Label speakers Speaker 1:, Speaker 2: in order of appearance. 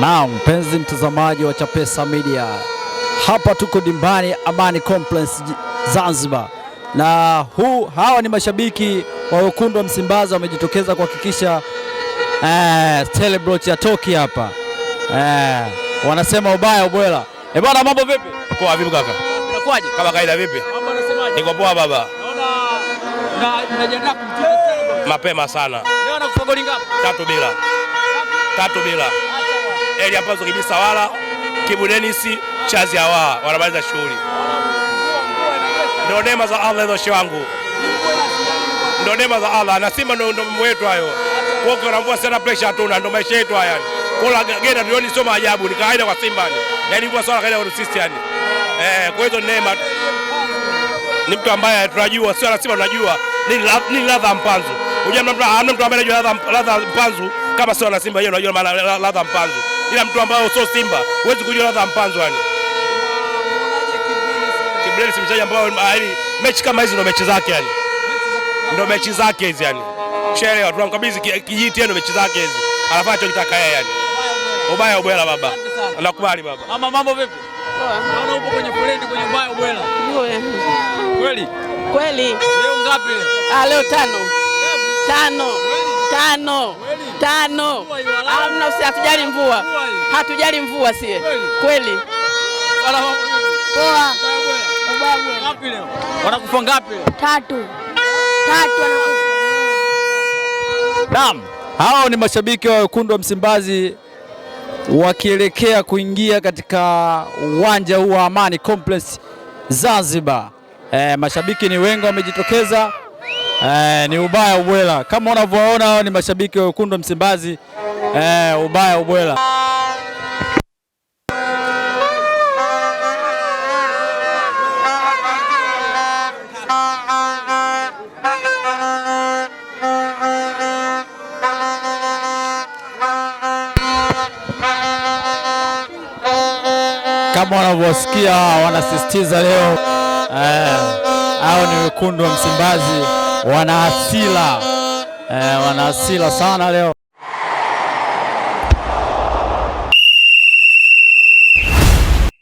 Speaker 1: Na mpenzi mtazamaji wa Chapesa Media, hapa tuko dimbani Amani Complex Zanzibar, na hu, hawa ni mashabiki wa wekundu wa Msimbazi wamejitokeza kuhakikisha eh, celebrate ya toki hapa eh, wanasema ubaya ubwela. Eh bwana, mambo vipi? Poa vipi kaka? Unakwaje?
Speaker 2: Kama kawaida vipi?
Speaker 1: Mambo unasemaje?
Speaker 2: Niko poa baba.
Speaker 3: Naona unajiandaa
Speaker 2: kumtia mapema sana. Leo anakufa goli ngapi? Tatu bila. Tatu bila. Eli Pazo Kibisa Sawala Kibu Dennis Chazi hawa wanamaliza shughuli. Ndio neema za Allah hizo shi wangu. Ndio neema za Allah na ndio ndio mambo yetu hayo. Kwa hiyo unamvua sana pressure hatuna ndio maisha yetu haya. Kula gena tulioni sio maajabu ni kawaida kwa Simba ni. yani, kwa swala kawaida kwa sisi yani. Eh, kwa hizo neema ni mtu ambaye tunajua sio anasema tunajua ni ladha mpanzu. Unajua mtu ambaye anajua ladha mpanzu kama sio na yeye unajua ladha mpanzu ila mtu ambaye sio Simba huwezi kujua ladha mpanzo. Yani Kibreli si mchezaji ambaye ah, yani, mechi kama hizi ndo mechi zake, yani ndo mechi zake hizi, yani sherehe tunamkabidhi kijiti, yani, mechi zake hizi, anafanya anachokitaka yeye, yani ubaya ubwela. Baba nakubali baba.
Speaker 1: Mama mambo vipi? Naona upo kwenye foleni kwenye ubaya ubwela. Kweli kweli. Leo ngapi leo?
Speaker 4: Ah, leo tano tano tano tano binafsi hatujali mvua, hatujali mvua sie kweli.
Speaker 1: Poa. Wanakufa ngapi?
Speaker 5: Tatu. Tatu.
Speaker 1: Naam, hao ni mashabiki wa wekundu wa Msimbazi wakielekea kuingia katika uwanja huu wa Amani Complex Zanzibar. E, mashabiki ni wengi wamejitokeza. E, ni ubaya ubwela kama unavyoona, hao ni mashabiki wa wekundu wa Msimbazi. Eh, ubaya ubwela. Kama wanavyosikia wanasisitiza leo eh, au ni wekundu wa Msimbazi wana hasira eh, wana hasira sana leo.